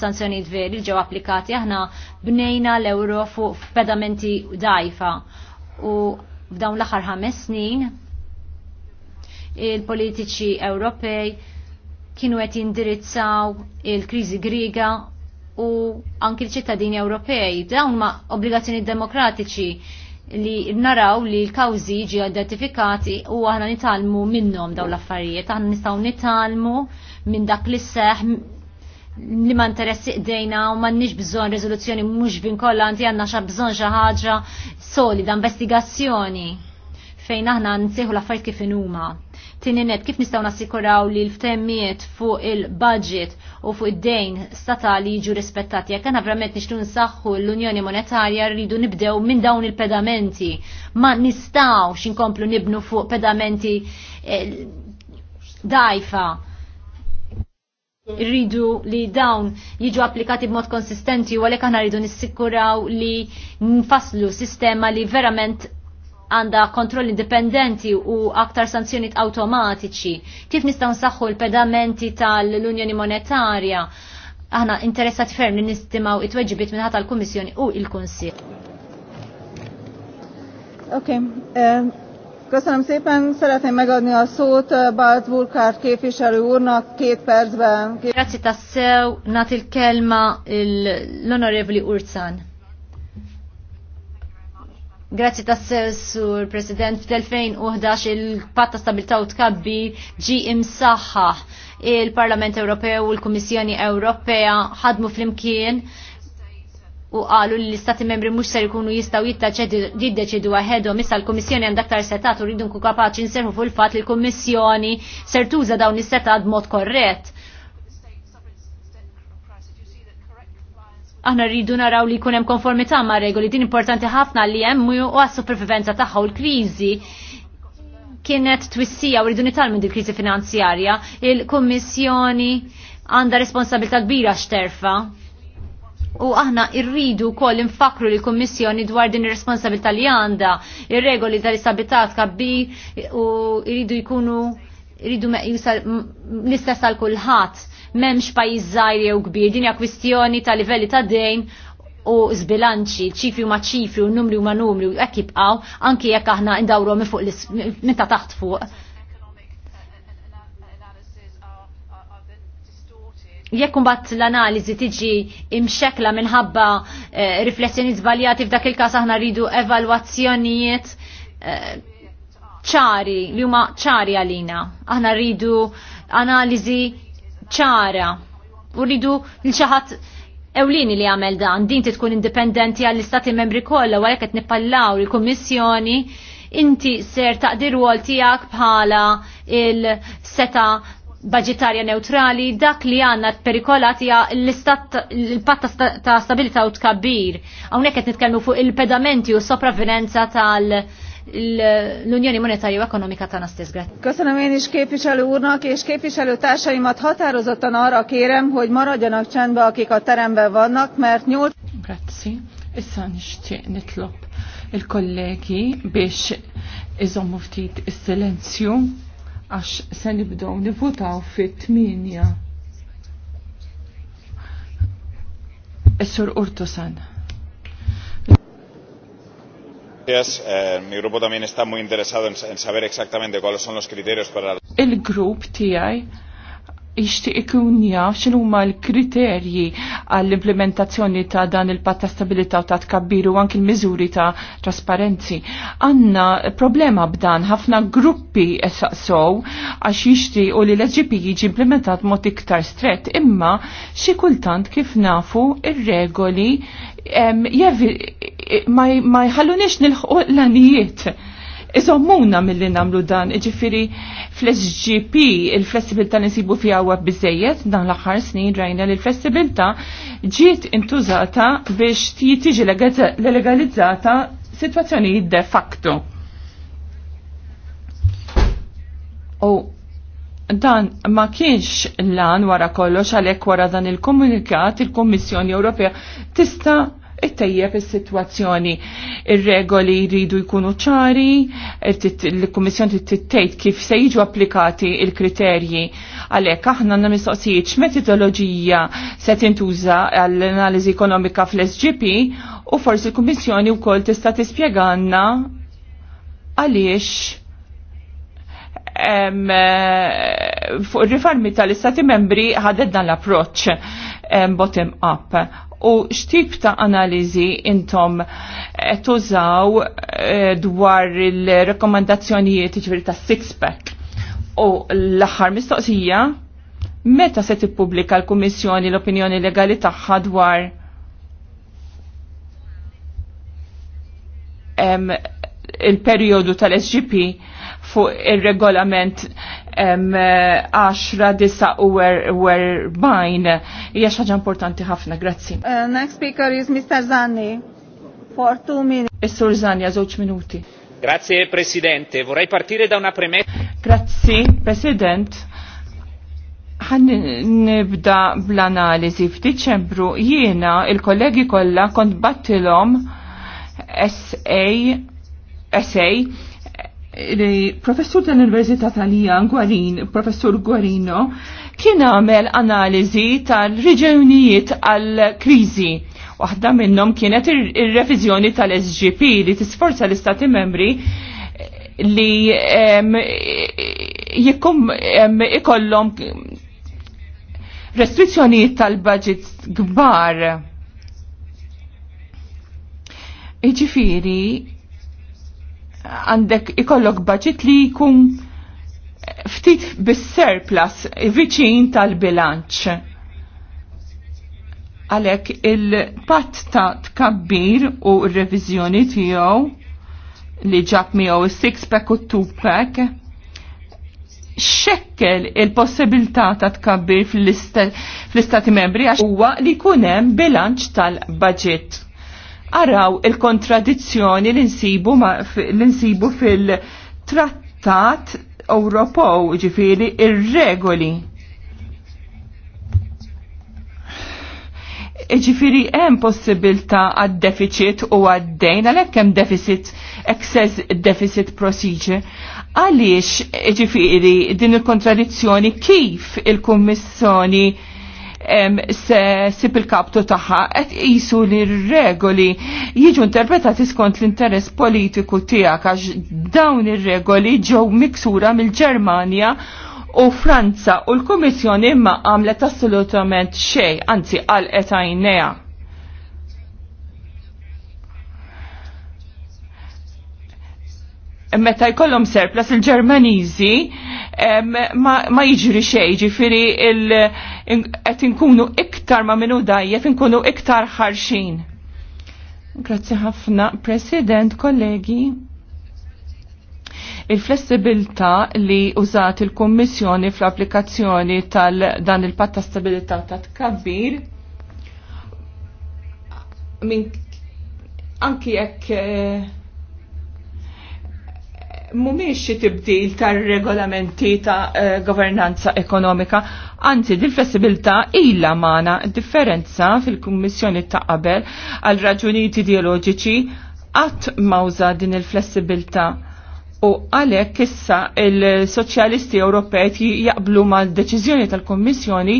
sanzjonijiet veri ġew applikati aħna bnejna l-euro fuq pedamenti dajfa u f'dawn l-aħħar ħames snin il-politiċi Ewropej kienu qed jindirizzaw il-kriżi Griga u anki l-ċittadini Ewropej dawn ma obbligazzjoni demokratiċi li naraw li l-kawzi ġi identifikati u aħna nitalmu minnom daw l-affarijiet, aħna nistaw nitalmu minn dak li seħ li ma interessi dejna u ma nix bżon rezoluzzjoni mux għanti għanna xa bżon xaħġa solida, investigazzjoni fejn aħna nseħu l-affarijiet kif inhuma. Tieni kif nistgħu nassikuraw li l-ftemmiet fuq il-budget u fuq id-dejn statali jiġu rispettati. Jekk aħna verament nixtru nsaħħu l-Unjoni Monetarja rridu nibdew minn dawn il-pedamenti. Ma nistgħux inkomplu nibnu fuq pedamenti eh, dajfa rridu li dawn jiġu applikati b'mod konsistenti u għalhekk aħna rridu nissikuraw li nfasslu sistema li verament għanda kontroll indipendenti u aktar sanzjonijiet automatiċi. Kif nistgħu nsaħħu l-pedamenti tal-Unjoni Monetarja? Aħna interessat ferm li nistimaw it-tweġibiet minnħat tal-Kummissjoni u il-Kunsil. Okay, um... Köszönöm szépen, szeretném megadni a szót eh, Bart Burkhardt képviselő úrnak két percben. Grazie tassew, nat il-kelma l'onorevoli onorevoli Urzan. Grazzi ta' sur President f'd-2011 il-patta stabilta u tkabbi ġi imsaħħa il-Parlament Ewropew u l-Kummissjoni Ewropea ħadmu fl-imkien u qalu li l-istati membri mhux ser ikunu jistgħu jiddeċidu għahedu issa l-Kummissjoni għandha aktar setat u rridu ku kapaċi nserħu fuq il-fatt li l-Kummissjoni ser tuża dawn is-setat b'mod korrett. Aħna rridu naraw li jkun hemm konformità ma' regoli din importanti ħafna li hemm u għas-supervivenza tagħha u l-kriżi kienet twissija u rridu nitalmu din kriżi finanzjarja, il-Kummissjoni għandha responsabilità kbira xterfa' U aħna irridu kol infakru li kommissjoni dwar din ir-responsabilità li għandha, ir-regoli tal-istabilità tkabbi u irridu jkunu irridu l-istess għal kulħadd m'hemmx pajjiż żgħir jew kbir, din hija kwistjoni ta' livelli ta' dejn u zbilanċi, ċifri ma ċifri u numri u ma numri u jekk jibqgħu anke jekk aħna ndawru minn fuq minn ta' taħt fuq jekk mbagħad l-analiżi tiġi imxekla minħabba eh, riflessjoni żbaljati f'dak il-każ aħna rridu evalwazzjonijiet eh, ċari eh, li huma ċari għalina. Aħna rridu analiżi ċara u rridu l xi ħadd ewlini li għamel dan, din tkun indipendenti għall-istati membri kollha għalhekk qed nippallaw il-Kummissjoni inti ser taqdir għol tijak bħala il-seta budgetarja neutrali, dak li għanna perikolat ja l-istat l-patta ta' stabilita u tkabbir. Hawnhekk qed nitkellmu fuq il-pedamenti u sopravvenenza tal- l-Unjoni Monetarju Ekonomika tagħna stess. Köszönöm én is képviselő úrnak és képviselő társaimat határozottan arra kérem, hogy maradjanak csendben, akik a teremben vannak, mert nyolc... Grazzi. Issa nixtieq nitlop il-kollegi biex iżommu il-silenzium għax se nibdow nivutaw fit tminja Is-Sur Urtusan. Yes, eh, mi grupo tamien sta muy interesado en, saber exactamente cuáles son los criterios para... Il-grup tijaj jixtieq ikun jaf x'inhuma l-kriterji għall-implementazzjoni ta' dan il-patt ta' stabilità u ta' tkabbir u anki l-miżuri ta' trasparenzi. Għandna problema b'dan ħafna gruppi saqsow għax jixtiequ li l-SGP jiġi implementat mod iktar strett imma xi kultant kif nafu ir-regoli ma jħallunix nilħu l-anijiet iżommuna mill-li namlu dan, ġifiri fl-SGP il-flessibilta nisibu fi għawa bizzejiet dan l-aħħar snin rajna li l-flessibilta ġiet intużata biex tiġi legalizzata situazzjoni de facto. U dan ma kienx lan wara kollox għalhekk wara dan il-komunikat il-Kummissjoni Ewropea tista' it-tejjeb is-sitwazzjoni. Ir-regoli jridu jkunu ċari, il kummissjoni tittejt kif se jiġu applikati il-kriterji. Għalhekk aħna għandna mistoqsijiet x'metodoloġija se tintuża għall-analiżi ekonomika fl-SGP u forsi l-Kummissjoni wkoll tista' tispjegana għaliex fuq ir-riformi tal-Istati membri ħadet dan l-approċċ bottom up u xtip ta' analizi intom tużaw eh, dwar il rekomandazzjonijiet ġveri jiġifieri ta' six-pack. U l-axar mistoqsija, meta se tippubblika l-Kummissjoni l-opinjoni legali tagħha dwar il-perjodu tal-SGP fuq il-regolament 10 u werbajn. Hija xi ħaġa importanti ħafna, grazzi. Uh, next speaker is Mr. Zanni. For two minutes. Mr. sur Zanni, żewġ minuti. Grazie Presidente, vorrei partire da una premessa. Grazie President. Għan nibda bl-analizi f'Diċembru jiena il-kollegi kollha kont battilhom SA SA professur tal-Università Talija Gwarin, professur Gwarino, kien għamel analiżi tal-reġunijiet għal-kriżi. Waħda minnhom kienet ir-reviżjoni tal-SGP li tisforza l-Istati membri li jikum ikollhom restrizzjonijiet tal-budget kbar. Iġifiri, għandek ikollok budget li jkun ftit bis-surplus viċin tal-bilanċ. Għalek il pat ta' tkabbir u r-reviżjoni tiegħu li ġab miegħu is-six-pack u two-pack xekkel il-possibilità ta' tkabbir fl-istati membri għax huwa li kunem bilanċ tal-budget araw il-kontradizzjoni l-insibu fil-trattat Ewropew, ġifiri ir-regoli. Ġifiri hemm possibilità għad-deficit u għad-dejn għalhekk hemm deficit excess deficit procedure. Għaliex ġifiri din il-kontradizzjoni kif il-Kummissjoni il kummissjoni se sib il-kaptu taħħa qed qisu li r-regoli jiġu interpretati skont l-interess politiku tiegħek għax dawn ir-regoli ġew miksura mill-Ġermanja u Franza u l-Kummissjoni imma għamlet assolutament xejn, anzi għal qed meta jkollhom surplus il-Ġermaniżi ma jiġri xejn, ġifieri qed inkunu iktar ma minu dajjef inkunu iktar ħarxin. Grazzi ħafna, President, kollegi. Il-flessibilità li użat il-Kommissjoni fl-applikazzjoni tal-dan il-patta stabilità ta' tkabbir minn anki jekk eh, mumiex xi tibdil tar-regolamenti ta' eh, governanza ekonomika, anzi din flessibilità ilha magħna differenza fil-Kummissjoni ta' qabel għal raġunijiet ideoloġiċi qatt mawza din il-flessibilità. U għalhekk issa il-Soċjalisti Ewropej jaqblu mal-deċiżjoni tal-Kummissjoni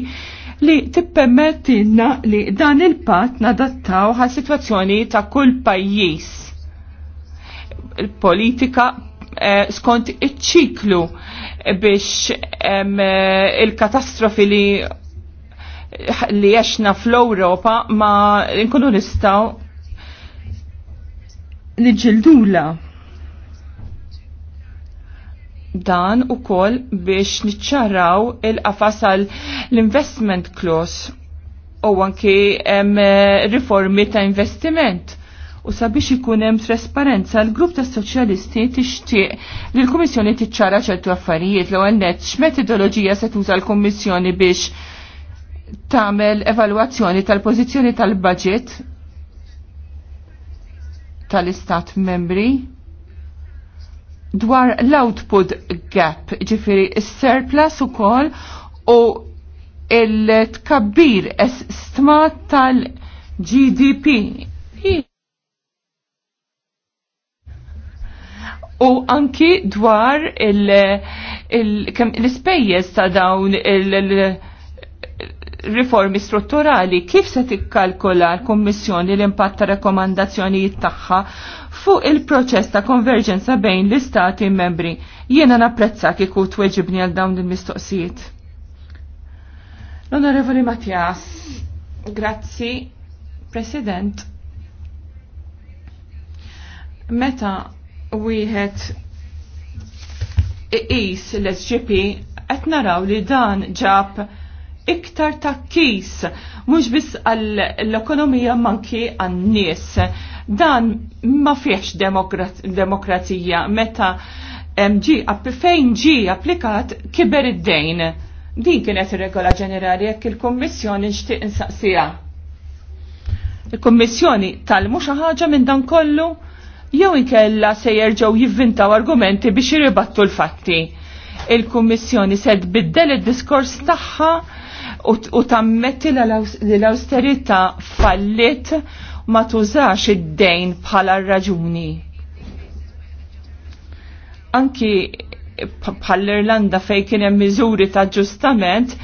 li tippermettilna li dan il pat nadattaw għal situazzjoni ta' kull pajjiż il-politika Eh, skont iċ-ċiklu biex eh, il-katastrofi li li jaxna fl-Europa ma nkunu nistaw nġildula dan u kol biex nċċaraw il-qafas l-investment clause u anki eh, riformi ta' investiment u sabiex ikun hemm trasparenza l-grupp tas soċjalisti tixtieq li l-Kummissjoni tiċċara ċertu affarijiet l-ewwel nett x'metodoloġija se tuża l-Kummissjoni biex tagħmel evalwazzjoni tal-pożizzjoni tal-budget tal-istat membri dwar l-output gap, ġifiri s-surplus u kol u il-tkabbir estma tal-GDP. u anki dwar l-ispejjeż ta' dawn il-riformi strutturali kif se tikkalkola l-Kummissjoni l-impatt ta' rekomandazzjonijiet tagħha fuq il-proċess ta' konverġenza bejn l-istati membri. Jiena napprezza u tweġibni għal dawn il-mistoqsijiet. L-Onorevoli Mattias, grazzi, President. Meta wieħed iqis l-SGP qed naraw li dan ġab iktar kis mhux biss għall-ekonomija manki għan-nies. Dan ma fiex demokrazija meta ġi fejn ġi applikat kiber id-dejn. Din kienet ir-regola ġenerali jekk il-Kummissjoni nixtieq insaqsija. Il-Kummissjoni tal-mhux ħaġa minn dan kollu jew inkella se jerġgħu jivvintaw argumenti biex irribattu l-fatti. Il-Kummissjoni se tbiddel id-diskors tagħha u tammetti li l-austerità fallit ma tużax id-dejn bħala raġuni. Anki bħall-Irlanda fej kien hemm miżuri ta' ġustament,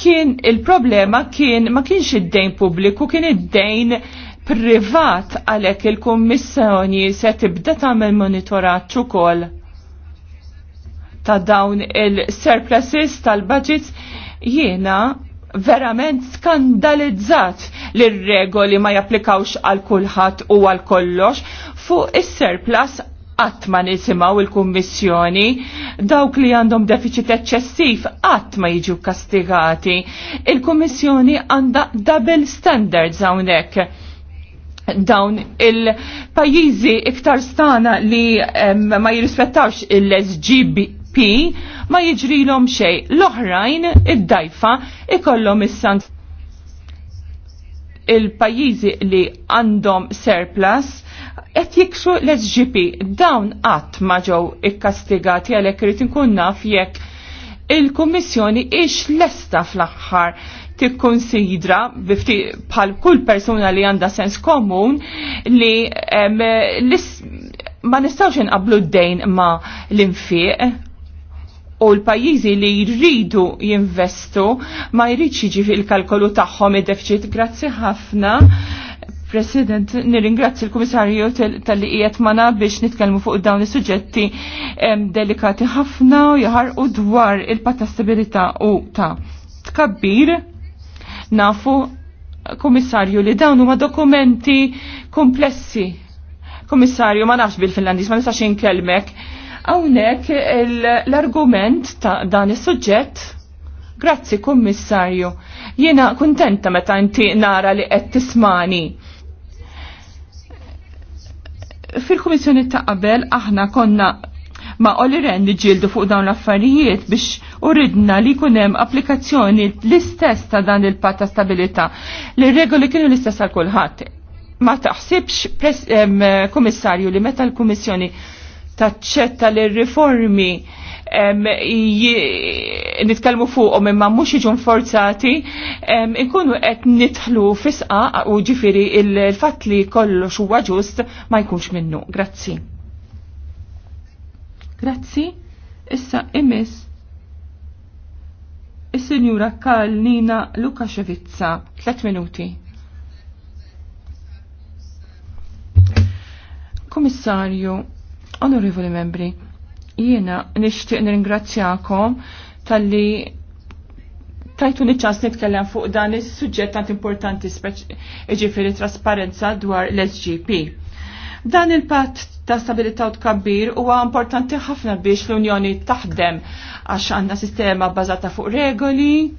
kien il-problema kien ma kienx id-dejn pubbliku, kien id-dejn privat għalhekk il-Kummissjoni se tibda tagħmel monitoraġġ ukoll ta' dawn il-surpluses tal-budgets jiena verament skandalizzat li regoli ma japplikawx għal kulħadd u għal kollox fuq is-surplus qatt ma nisimgħu il-Kummissjoni dawk li għandhom deficit eċċessiv qatt ma jiġu kastigati. Il-Kummissjoni għandha double standards hawnhekk dawn il-pajjiżi iktar stana li ma jirrispettawx il sgp ma jiġrilhom xejn. L-oħrajn id-dajfa ikollhom is sant il-pajjiżi li għandhom surplus qed jikxu l-SGP dawn qatt ma ġew ikkastigati għalhekk irid inkun naf jekk il-Kummissjoni ix lesta fl-aħħar tikkonsidra bifti bħal kull persuna li għanda sens komun li em, lis, ma nistawx inqablu d-dejn ma l-infiq u l-pajjiżi li jridu jinvestu ma jridx jiġi fil-kalkolu tagħhom id-deficit. Grazzi ħafna. President, nirringrazzi l-Komissarju tal-li qiegħed mana biex nitkellmu fuq dawn is-suġġetti delikati ħafna u jaħarqu dwar il-patta stabilità u ta' tkabbir Nafu, komissarju, li dawn huma dokumenti komplessi. Komissarju, ma nafx bil-Finlandis, ma nistax inkelmek. Hawnhekk l-argument ta' dan is-suġġett Grazzi, kummissarju. Jiena kuntenta meta inti nara li qed tismani fil kummissjoni ta' qabel aħna konna ma' Oli Ren li fuq dawn l-affarijiet biex uridna li kunem applikazzjoni l-istess ta' dan il patta ta' stabilita li regoli kienu l-istess għal kulħadd. Ma taħsibx komissarju li meta l-Kummissjoni taċċetta li riformi nitkellmu fuqhom imma mhux iġun forzati, inkunu qed nidħlu fisqa u ġifiri il-fatt li kollu huwa ġust ma jkunx minnu. Grazzi. Grazzi, issa imis is-Sinjura Nina Lukaxevizza, 3 minuti. Komissarju, onorevoli membri, jiena nixtieq nirringrazzjakom tal-li tajtu niċas nitkellem fuq dan is-suġġett tant importanti iġifiri trasparenza dwar l-SGP. Dan il-patt ta' stabilità u tkabbir huwa importanti ħafna biex l-Unjoni taħdem għax għandna sistema bbażata fuq regoli,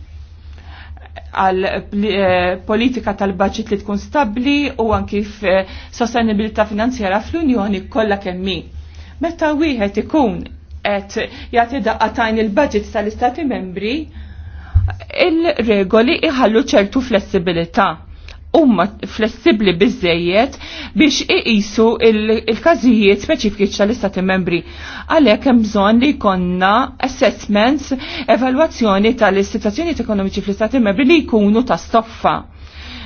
għal eh, politika tal-budget li tkun stabli u anki eh, sostenibilità finanzjara fl-Unjoni kollha kemmi. Meta wieħed ikun qed jagħti daqqa' tajn il-budget tal-Istati membri, il-regoli iħallu ċertu flessibilità umma flessibli bizzejiet biex iqisu il-kazijiet speċifiċi tal-istati membri. Għalek hemm bżonn li konna assessments, evalwazzjoni tal-istituzzjoni ekonomiċi fl-istati membri li jkunu ta' stoffa.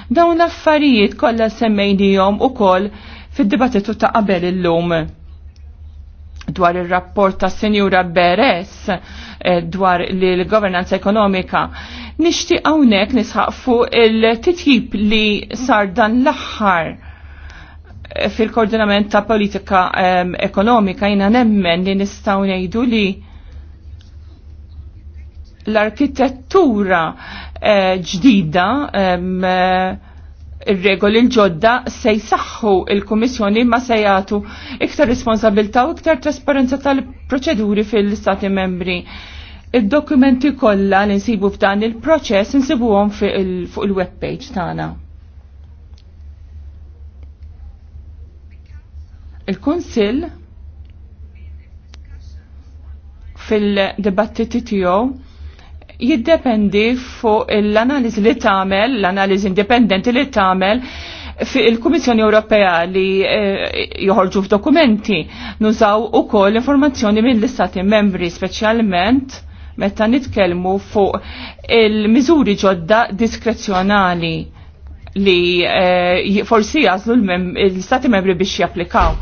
Dawn l-affarijiet kollha semmejnijhom ukoll fid-dibattitu ta' qabel illum dwar il-rapport ta' Senjura Beres eh, dwar l-governanza ekonomika. Nishti għawnek nisħaq fuq il-titjib li sar dan l-axħar eh, fil-koordinament ta' politika ehm, ekonomika jina nemmen li nistaw nejdu li l-arkitettura eh, ġdida ehm, ir-regoli l-ġodda se jsaħħu il-Kummissjoni ma se jagħtu iktar responsabilta u iktar trasparenza tal-proċeduri fil-Stati membri. Id-dokumenti kollha li nsibu f'dan il-proċess insibuhom fuq il-web page tagħna. Il-Kunsill fil-dibattiti tiegħu jiddependi fuq l-analiżi li tagħmel, l-analiżi indipendenti li tagħmel il-Kummissjoni Ewropea li eh, joħorġu f'dokumenti nużaw ukoll informazzjoni mill-istati membri speċjalment meta nitkellmu fuq il-miżuri ġodda diskrezzjonali li eh, forsi jazlu l istati membri biex japplikaw.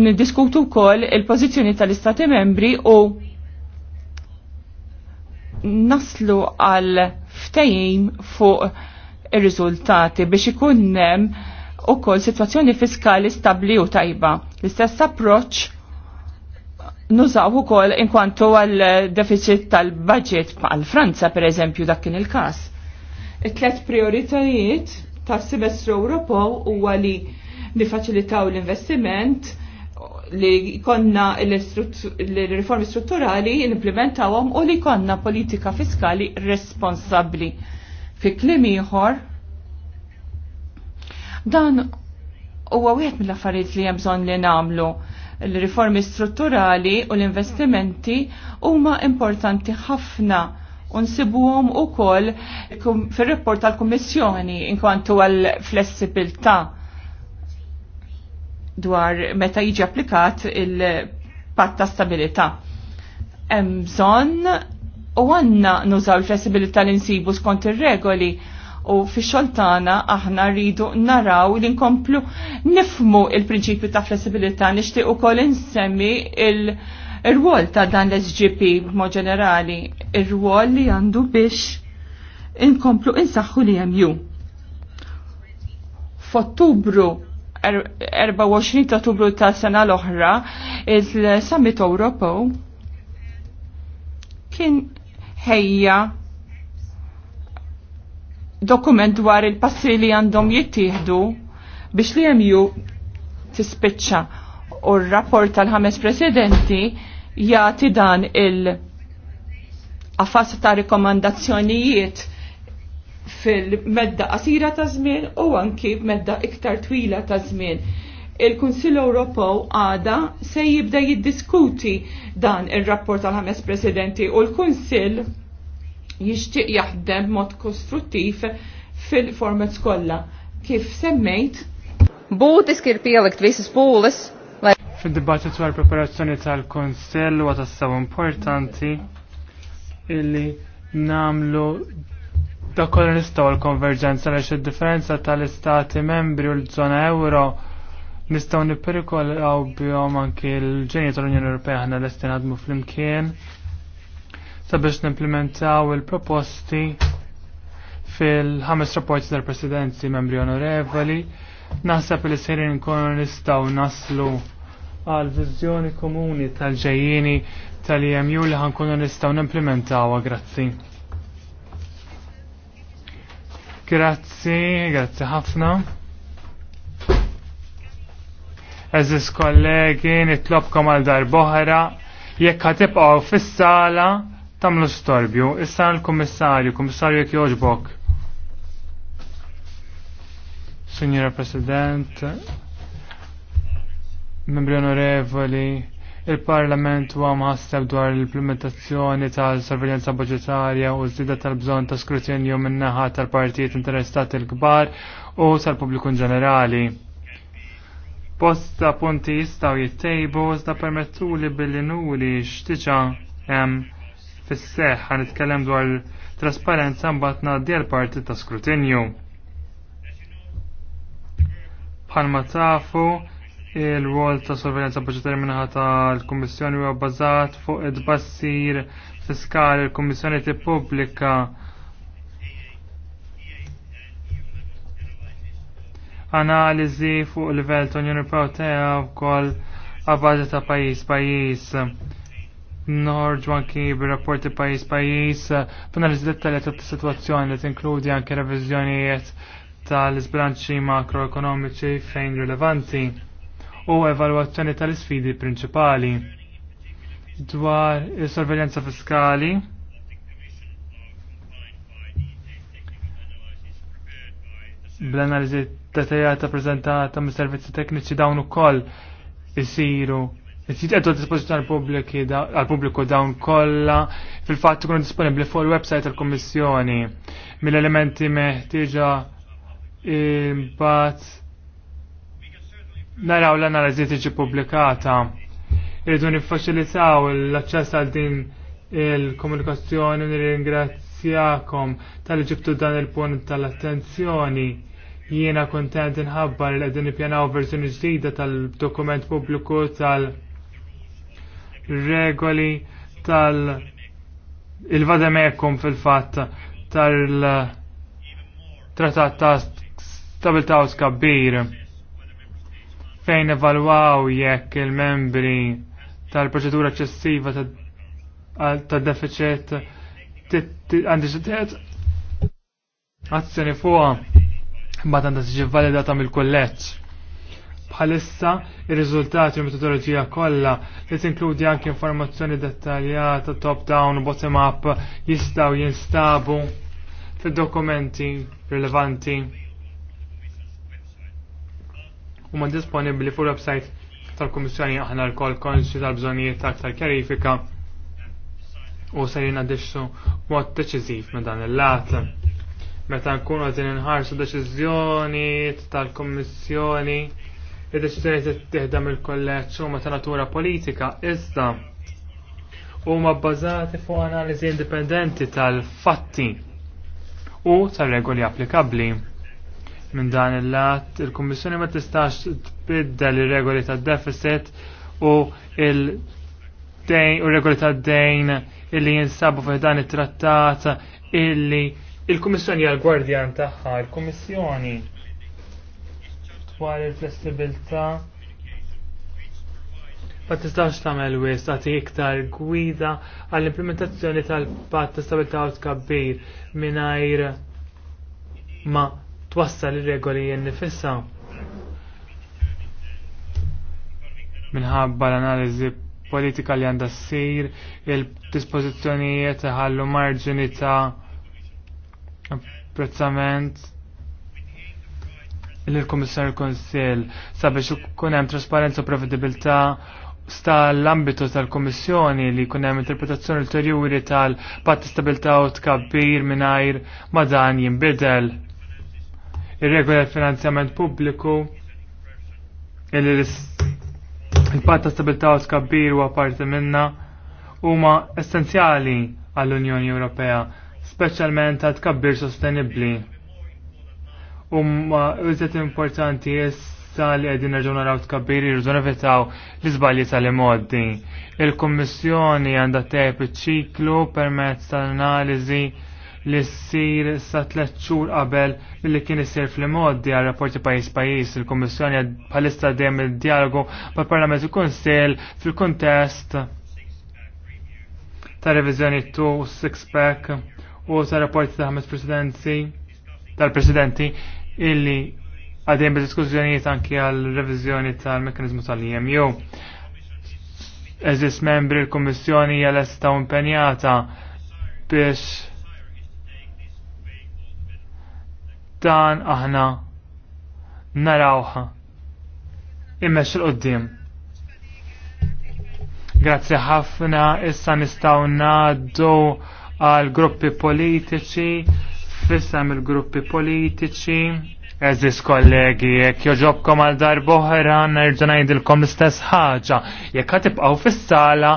Niddiskutu koll il-pozizjoni tal-Istati membri u naslu għal ftejim fuq ir-riżultati biex ikun u ukoll sitwazzjoni fiskali stabbli u tajba. L-istess approċċ nużaw ukoll inkwantu għal deficit tal-budget għal Franza per eżempju dak kien il-każ. It-tlet prioritajiet tas semestru Ewropew huwa li nifaċilitaw l-investiment, li konna l-riformi strutturali implementawhom u li konna politika fiskali responsabbli. Fi klim ieħor dan huwa wieħed mill-affarijiet li hemm bżonn li nagħmlu l-riformi strutturali u l-investimenti huma importanti ħafna unsibuhom ukoll fir-rapport tal-Kummissjoni inkwantu għal flessibilta' dwar meta jiġi applikat il ta' stabilita. Hemm bżonn u għanna nużaw il-flessibilità li nsibu skont ir-regoli u fi xoltana aħna rridu naraw li nkomplu nifmu il-prinċipju ta' flessibilità nixtieq ukoll insemmi il-rwol ta' dan l-SGP b'mod ġenerali, ir-rwol li għandu biex inkomplu insaħħu li jemju. F'Ottubru 24 ta' ta' sena l-oħra, il-Summit Europo kien ħejja dokument dwar il-passi li għandhom jittieħdu biex li jemju tispiċċa u r-rapport tal-ħames presidenti jagħti dan il-affas ta' rikomandazzjonijiet fil-medda qasira ta' żmien u anki medda iktar twila ta' żmien. Il-Kunsill Ewropew għada se jibda jiddiskuti dan ir-rapport tal-ħames presidenti u l-Kunsill jixtieq jaħdem mod kostruttiv fil-formats kollha. Kif semmejt? Būtiski ir pielikt visas pūles Fid-dibattit dwar preparazzjoni tal-Konsell huwa tassew importanti illi namlu Dak kolla nistgħu l-konverġenza għaliex id-differenza tal-istati membri u l-żona euro nistgħu għaw bjom anki l-ġenji tal-Unjoni Ewropea ħna lesti naħdmu flimkien sabiex nimplementaw il-proposti fil-ħames rapporti tal-presidenzi membri onorevoli naħseb li s-sirin kun nistgħu naslu għal viżjoni komuni tal-ġejjini tal-EMU li ħankunu nistgħu nimplementawha grazzi. Grazzi, grazzi ħafna. Eżis kollegi, nitlobkom għal dar boħra, jekk ħatibqgħu fis-sala tagħmlu storbju. Issa l-kummissarju, kummissarju jekk jogħġbok. Signora President, membri onorevoli, Il-Parlament huwa maħseb dwar l-implementazzjoni tal-sorveljanza budġetarja u żida tal-bżonn ta' skrutinju min-naħa tal-partijiet interessati l-kbar u tal-pubbliku ġenerali. Posta punti jistgħu jittejbu iżda permettuli billi nuli x'tiġa hemm fis-seħħ itkellem dwar trasparenza mbatna ngħaddi l-parti ta' skrutinju. Bħalma tafu, il-rol ta' sorveljanza budgetarja minnaħa tal-Kummissjoni huwa bbażat fuq id-bassir fiskali l-Kummissjoni tippubblika analiżi fuq livell ta' Unjoni Ewropea wkoll għabbażi ta' pajjiż pajjiż. Norġu anki bir-rapporti pajjiż pajjiż f'analiżi dettalja ta' situazzjoni li tinkludi anke reviżjonijiet tal-isbilanċi makroekonomiċi fejn rilevanti u evalwazzjoni tal-isfidi prinċipali dwar il-sorveljanza fiskali bl-analiżi detajata prezentata mis servizzi tekniċi dawn ukoll isiru Is-sit għeddu dispożizzjoni għal publiku dawn kolla fil-fatt ikunu disponibbli fuq il-website tal-Kummissjoni mill-elementi meħtieġa imbagħad naraw l-analiżi tiġi pubblikata. Irridu niffaċilitaw l-aċċess għal din il-komunikazzjoni nirringrazzjakom tal-ġibtu dan il-punt tal-attenzjoni. Jiena kontent inħabbar li qegħdin ippjanaw verżjoni ġdida tal-dokument pubbliku tal-regoli tal- il-vademekum fil-fatt tal-trattat ta' stabilta' u skabbir fejn evalwaw jekk il-membri tal-proċedura eċċessiva ta' deficit għandi ġitiet azzjoni fuqa bat għandha siġi validata mill-kolleġġ. Bħalissa ir-riżultati u metodoloġija kollha li tinkludi anke informazzjoni dettaljata top-down u bottom-up jistgħu jinstabu fid-dokumenti rilevanti u ma fuq website tal kummissjoni aħna l-kol konxi tal-bżonijiet aktar kjarifika u serjina diċsu mod deċiżiv me dan il-lat. Meta nkunu għazin nħarsu deċizjoni tal kummissjoni id-deċizjoni t-tihdam il-kolleċ u ta' natura politika, iżda u ma bbażati fuq analiżi indipendenti tal-fatti u tal-regoli applikabli. Minn dan il-lat, il-Kummissjoni ma tistax tbiddel ir-regoli tad-deficit u il- dejn u regoli ta' dejn illi jinsabu fuq dan it-trattat illi il-Kummissjoni għal gwardjan tagħha il-Kummissjoni dwar il-flessibilità ma tistax tagħmel wisq tagħti iktar gwida għall implementazzjoni tal-patt ta' stabilità u tkabbir mingħajr ma twassal ir-regoli jennifissa. Minħabba l-analiżi politika li għandha ssir, il-dispożizzjonijiet ħallu marġini ta' apprezzament l-Komissar Konsil sabiex ikun hemm trasparenza u prevedibilità sta l-ambitu tal-Komissjoni li jkun hemm interpretazzjoni ulterjuri tal-patt stabilità u tkabbir mingħajr ma dan jinbidel ir-regola finanzjament pubbliku il-patt ta' stabilità u skabbir u għaparti minna huma essenzjali għall-Unjoni Ewropea, speċjalment għal tkabbir sostenibbli. Huma użet importanti issa li qegħdin nerġgħu naraw tkabbir irridu nevitaw l-iżbalji tal-imoddi. Il-Kummissjoni għandha tep iċ-ċiklu permezz tal-analiżi li ssir sa tliet qabel milli kien s-sir fl-modi għal rapporti pajjiż pajjiż il-Kummissjoni bħalista dem id-dialogu mal-Parlament u konsil fil-kuntest ta' revizjoni tu six pack u ta' rapporti ta' ħames presidenzi tal-presidenti illi għadjem bid-diskussjonijiet anki għal reviżjoni tal-mekanizmu tal-EMU eżis membri l-Kommissjoni jgħal-esta impenjata biex dan aħna narawħa immex l-qoddim. Grazzi ħafna issa nistaw naddu għal gruppi politiċi, fissam il-gruppi politiċi. Eżis kollegi, jek joġobkom għal darboħra, ngħidilkom l-istess ħaġa. Jek għatibqaw fis-sala,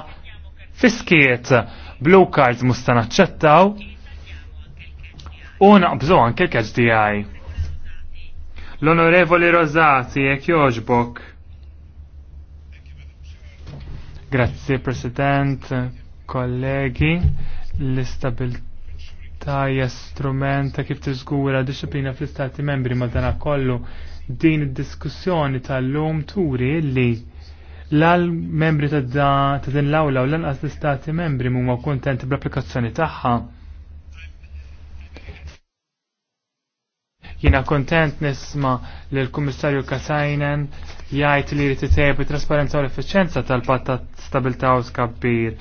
fiskiet, blue cards mustan aċċettaw, u naqbżu anke l-KHDI. L-Onorevoli Rosati, jek joġbok. Grazzi, President, kollegi, l-istabilta strument ta' kif tiżgura disciplina fl-Istati membri ma' dana kollu din id-diskussjoni tal-lum turi li l-membri ta' din l-awla u l-anqas l-Istati membri mumma kontenti bl-applikazzjoni tagħha Jina kontent nisma li l-Kummissarju Kasajnen jgħid li jrid itejjeb trasparenza u l-effiċenza tal patta stabilta u skabbir.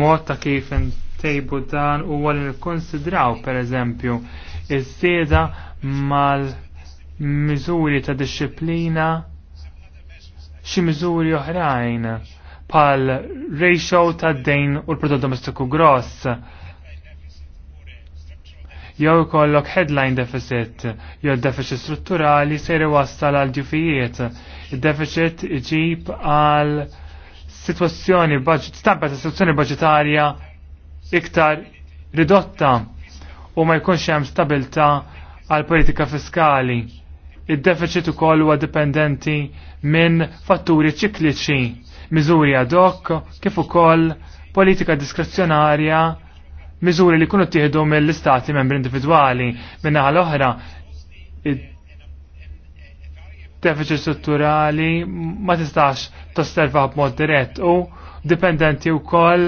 Mod ta' kif intejbu dan huwa li nikkonsidraw pereżempju iż sieda mal-miżuri ta' disciplina xi miżuri oħrajn pal ratio ta' dejn u l-prodott domestiku gross jew ikollok headline deficit, jew deficit strutturali se wassal għal ġufijiet. Id-deficit iġib għal situazzjoni budget, ta' situazzjoni budgetarja iktar ridotta u ma jkunx hemm stabilta għal politika fiskali. Id-deficit ukoll huwa dipendenti minn fatturi ċikliċi, miżuri ad hoc kif ukoll politika diskrezzjonarja miżuri li kunu tieħdu mill-istati membri individwali minna l oħra deficit strutturali ma tistax tosterva b'mod dirett u dipendenti wkoll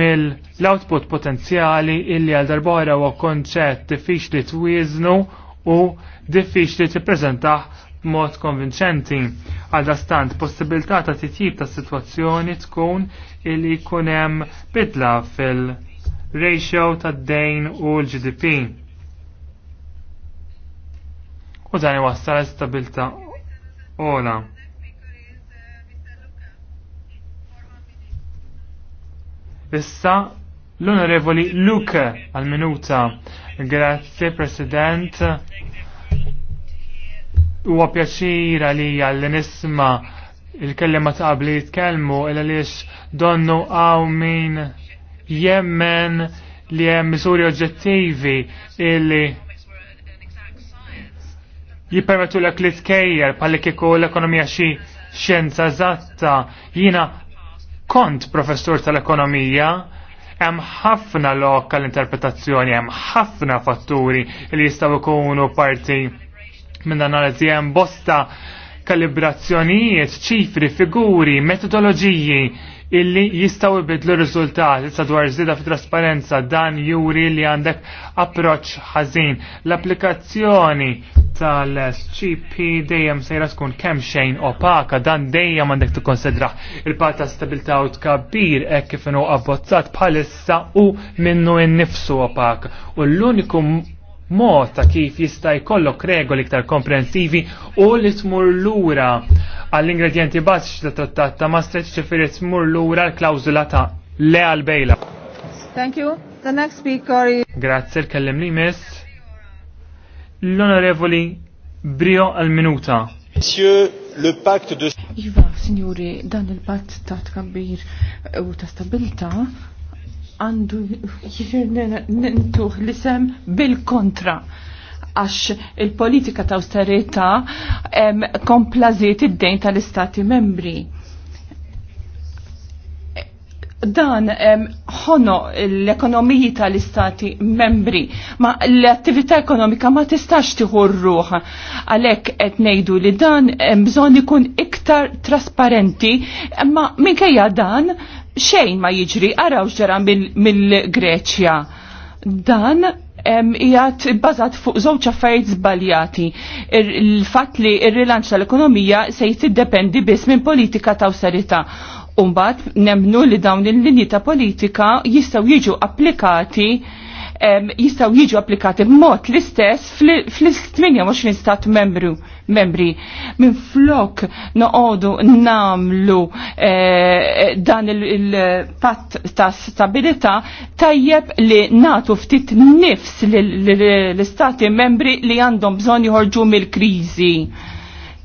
mill-output potenzjali illi għal darbora huwa konċett diffiċli twieżnu u diffiċli tippreżentah b'mod konvinċenti. Għal stant possibilità ta' titjib ta' situazzjoni tkun illi jkun hemm bidla fil- ratio ta' dejn u l-GDP. U dan iwassal l-istabilta ola. Issa l-onorevoli Luke għal-minuta. Grazie President. Huwa pjaċira li għall nisma il-kellema ta' qabli jitkellmu il-għaliex donnu għaw min jemmen li hemm miżuri oġġettivi illi jippermettu l li tkejjer palli kieku l-ekonomija xi xjenza eżatta. Jiena kont professur tal-ekonomija, hemm ħafna lok għall-interpretazzjoni, hemm ħafna fatturi li jistgħu jkunu parti minn analiżi hemm bosta kalibrazzjonijiet, ċifri, figuri, metodoloġiji illi jistaw ibidlu riżultati sa dwar zida fit-trasparenza dan juri li għandek approċċ ħażin. L-applikazzjoni tal-SCP dejjem sejra tkun kemm xejn opaka dan dejjem għandek tikkonsidra il-pat ta' stabilità u tkabbir hekk kif inhu abbozzat bħalissa u minnu innifsu opaka. U l-uniku mod ta' kif jista' jkollok regoli iktar komprensivi u li tmur lura għall-ingredienti bażiċi ta' trattat ta' Maastricht ġifieri tmur lura l-klawżula ta' leal bejla. Thank you. The next speaker is... Grazie, l-kellem li miss. L-onorevoli Brio għal-minuta. Monsieur, le pacte de... Iva, signori, dan il-patt ta' tkabbir u ta' stabilta' għandu nintuħ l-isem bil-kontra għax il-politika ta' austerita komplażiet id-dejn tal-istati membri. Dan ħono l-ekonomiji tal-istati membri, ma l-attività ekonomika ma tistax tiħur ruħ. Għalek qed ngħidu li dan bżonn ikun iktar trasparenti, ma minkejja dan xejn ma jiġri araw ġara mill-Greċja. Dan jgħat bazat fuq żewġ affarijiet żbaljati. Il-fatt li r-rilanċ tal-ekonomija se jtiddependi biss minn politika ta' serita. Umbat nemnu li dawn il-linji ta' politika jistgħu jiġu applikati jistaw jiġu applikati b'mod l-istess fl-28 stat membru membri minn flok noqodu namlu e, dan il-patt ta' stabilita tajjeb li natu ftit nifs l-istati membri li għandhom bżon joħorġu mill-krizi.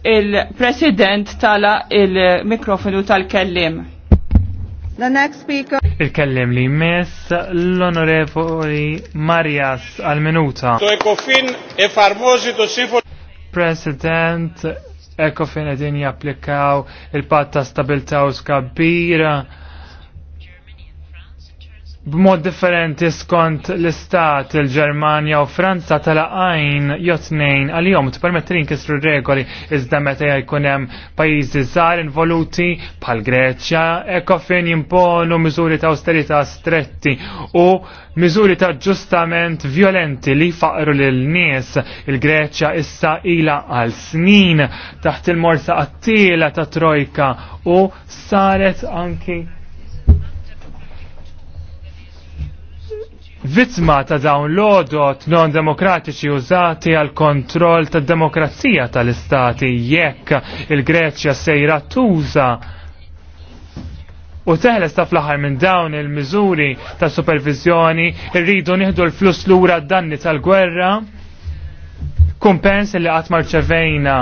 Il-president tala il-mikrofonu tal-kellim. The next speaker. Il-kellem li mess l-onorevoli Marias Almenuta. To ECOFIN e farmosi to sinfo. President, ECOFIN edin japplikaw il-patta stabilta u skabbira b'mod differenti skont l-istat il-Ġermanja u Franza tal-għajn jotnejn għal-jom t-permettin kisru regoli iżda meta jajkunem pajizi żgħar involuti pal Greċja, ekofin jimponu miżuri ta' austerita stretti u miżuri ta' ġustament violenti li faqru lil nies il-Greċja issa ila għal snin taħt il-morsa qattila ta' trojka u saret anki vittma ta' dawn l-odot non-demokratiċi użati għal kontroll ta' demokrazija tal-istati jekk il-Greċja sejra tuża u teħles ta' fl-aħħar minn dawn il-miżuri ta' supervizjoni rridu nieħdu l-flus lura d-danni tal-gwerra kumpens li qatt marċevejna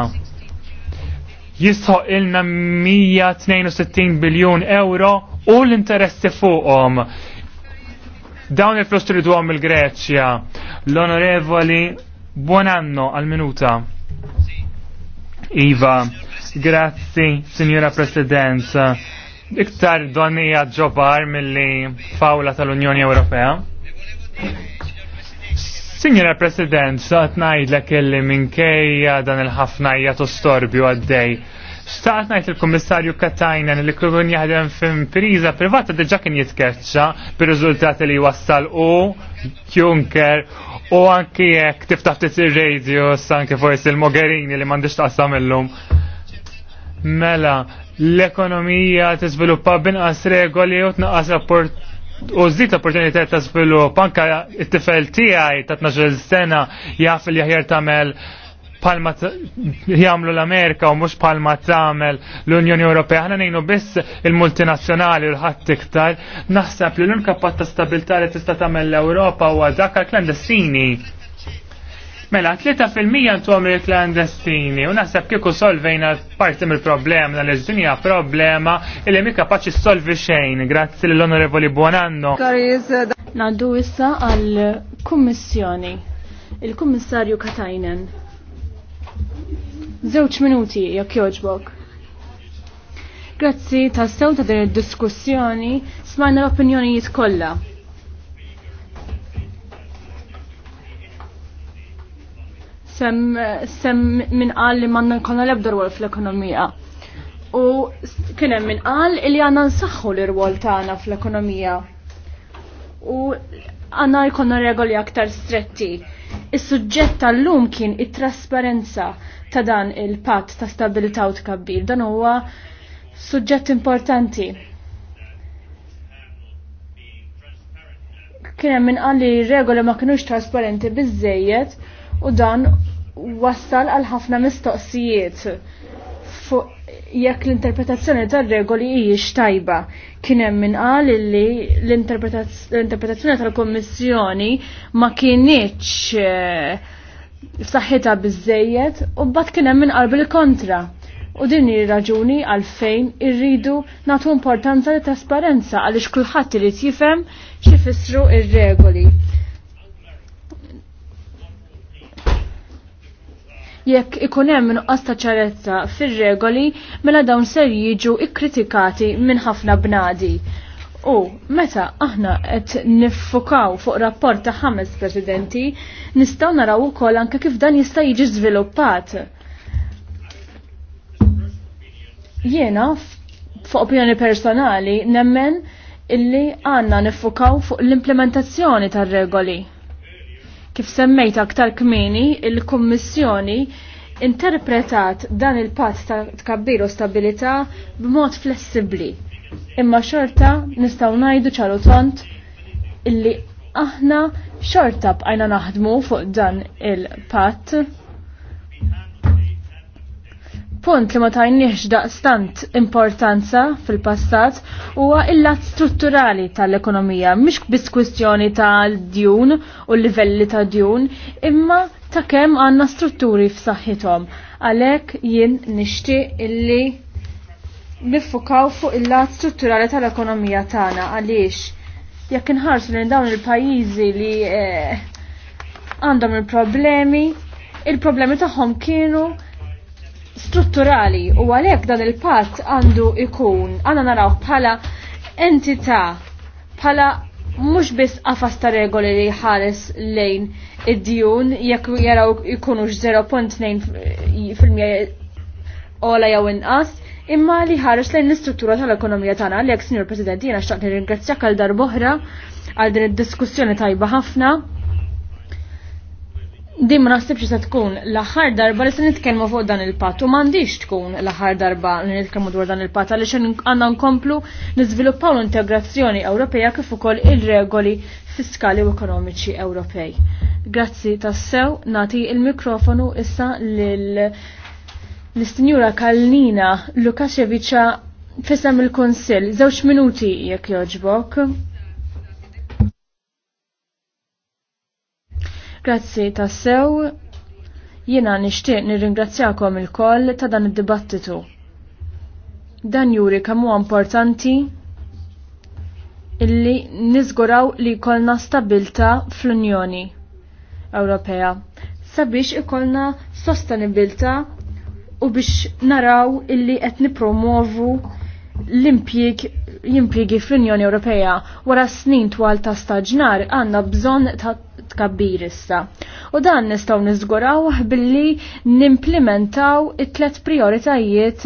jistħoq ilna 162 biljun euro u l-interessi fuqhom Dawn il-flus tridu il-Greċja. L-onorevoli Buonanno għal-minuta. Iva, grazzi, Signora Presidenza. Iktar donija ġobar mill-li fawla tal-Unjoni Ewropea. Signora għatnajd l najdlek minn minkejja dan il-ħafnajja tostorbju għaddej Staħt najt il-Kommissarju Katajnen li jahdem jaħdem f'impriża privata diġa kien jitkeċċa bir-riżultati li wassal u Junker, u anki jekk tiftaħt ftit ir-radio anke forsi il-Mogherini li m'għandix taqsam illum. Mela, l-ekonomija tiżviluppa binqas regoli u tnaqqas rapport u zid opportunità ta' svilupp anka t-tifel tiegħi ta' 12 sena jaf li jaħjar tagħmel palma jagħmlu l-Amerika u mhux palma tagħmel l-Unjoni Ewropea. Aħna ngħinu biss il-multinazzjonali u l-ħadd iktar. Naħseb li l unka patta stabilta li tista' tagħmel l-Ewropa huwa dak klandestini Mela, 3% intom il-klandestini u naħseb kieku solvejna parti mill-problema l dinja problema illi mika paċi solvi xejn. Grazzi l-Onorevoli Buonanno. Naddu issa għal-Kummissjoni. Il-Kummissarju Katajnen. Żewġ minuti jekk jogħġbok. Grazzi ta' sew ta' din id-diskussjoni smajna l-opinjonijiet kollha. Sem, sem minn qal li manna nkonna l-ebda rwol fl-ekonomija. U kien hemm min qal li għandna nsaħħu l rwol tagħna fl-ekonomija. U għandna jkollna regoli aktar stretti Is-suġġett tal-lum kien it-trasparenza ta' dan il-patt ta' stabilità u tkabbir. Dan huwa suġġett importanti. Kien hemm inqalli regoli ma kinux trasparenti biżejjed u dan wassal għal ħafna mistoqsijiet fuq jekk l-interpretazzjoni tar-regoli hija tajba. Kien hemm min qal li l-interpretazzjoni tal-Kommissjoni ma kienieċ eh, f'saħħitha biżejjed u mbagħad kien hemm min qal bil kontra U din hi raġuni għalfejn irridu nagħtu importanza li trasparenza għaliex kulħadd irid jifhem x'ifissru ir-regoli. jekk ikun hemm nuqqas ta' ċaretta fir-regoli mela dawn ser jiġu ikkritikati minn ħafna bnadi. U meta aħna qed niffukaw fuq rapport ta' ħames presidenti, nistgħu naraw ukoll anke kif dan jista' jiġi żviluppat. Jiena fuq opinjoni personali nemmen illi għanna niffukaw fuq l-implementazzjoni tar-regoli. Kif semmejt aktar kmini, il-Kummissjoni interpretat dan il-pass ta' tkabbir u stabilità b'mod flessibbli. Imma xorta nistgħu ngħidu ċalutont tont illi aħna xorta bqajna naħdmu fuq dan il-patt Punt li ma tajniex daqstant importanza fil-passat huwa il-lat strutturali tal-ekonomija, mhix biss kwistjoni tal-djun u l-livelli ta' djun, imma ta' kemm għandna strutturi f'saħħithom. Għalhekk jien nixtieq illi nifukaw fuq il-lat strutturali tal-ekonomija tagħna għaliex jekk inħarsu lejn dawn il-pajjiżi li eh, għandhom il-problemi, il-problemi tagħhom kienu strutturali u għalhekk dan il-patt għandu ikun għana naraw bħala entità bħala mhux biss għafas ta' regoli li ħares lejn id-djun jekk jaraw ikunux 0.2% ola jew inqas imma li ħares lejn l-istruttura tal-ekonomija tagħna għalhekk, Signor President, jiena xtaqt nirringrazzjak għal darb'oħra għal din id-diskussjoni tajba ħafna. Dim ma naħsibx se tkun l-aħħar darba li se nitkellmu fuq dan il-patt u m'għandix tkun l-aħħar darba li nitkellmu dwar dan il-patt għaliex għandna nkomplu niżviluppaw l-integrazzjoni Ewropea kif ukoll ir-regoli fiskali u ekonomiċi Ewropej. Grazzi tassew nagħti il-mikrofonu issa lil l-Istinjura Kallina Lukaseviċa fisem il-Konsil. Żewġ minuti jekk jogħġbok. Grazzi tassew. Jiena nixtieq nirringrazzjakom il-koll ta' dan id-dibattitu. Dan juri kemm huwa importanti illi niżguraw li jkollna stabilta fl-Unjoni Ewropea sabiex ikollna sostenibilta u biex naraw illi qed nipromovu l-impjieg jimpiegi fl-Unjoni Ewropea wara snin twal ta' staġnar għandna bżonn ta' tkabbir issa. U dan nistgħu niżguraw billi nimplementaw it-tlet prioritajiet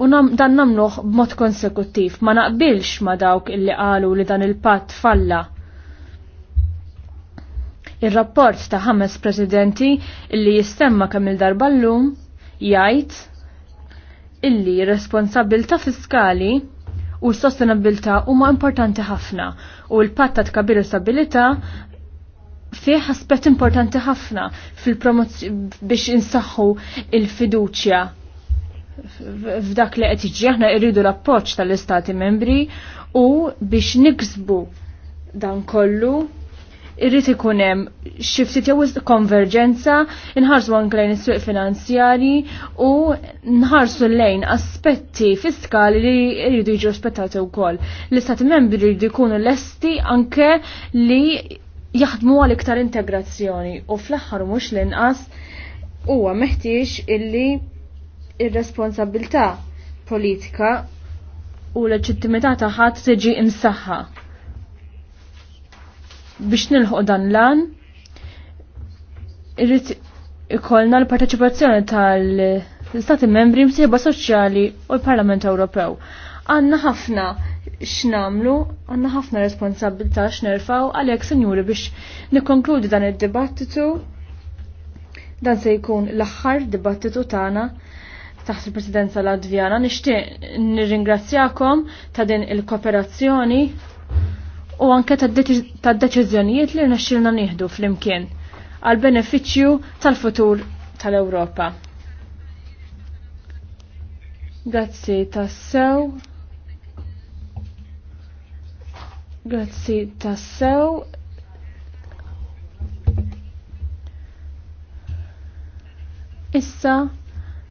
u dan namluħ b'mod konsekuttiv. Ma naqbilx ma dawk illi qalu li dan il-patt falla. Ir-rapport ta' ħames presidenti illi jistemma kemm il-darba llum jgħid illi responsabilta fiskali u s-sostenabilta huma importanti ħafna u l-patta tkabir stabilita fih aspett importanti ħafna biex insaħħu il-fiduċja f'dak li qed jiġi aħna rridu l-appoġġ tal-istati membri u biex niksbu dan kollu irrid ikun hemm xi ftit jew konverġenza, inħarsu anke lejn is-suq finanzjarji u nħarsu lejn aspetti fiskali li jridu jiġu rispettati wkoll. L-istati membri jridu jkunu lesti anke li jaħdmu għal iktar integrazzjoni u fl-aħħar mhux l-inqas huwa meħtieġ illi ir-responsabilità politika u l-leġittimità tagħha tiġi imsaħħa biex nilħu dan lan irrit ikollna l-parteċipazzjoni tal-Stati membri msieba soċjali u l-Parlament Ewropew. Għanna ħafna x'namlu, għanna ħafna responsabilità x'nerfaw għalhekk sinjuri biex nikkonkludi dan id-dibattitu. Dan se jkun l-aħħar dibattitu tagħna taħt il-Presidenza Latvjana. Nixtieq nirringrazzjakom ta' din il-kooperazzjoni u anke tad-deċiżjonijiet li naxxilna nieħdu flimkien għal beneficju tal-futur tal-Ewropa. Grazzi tassew. Grazzi tassew. Issa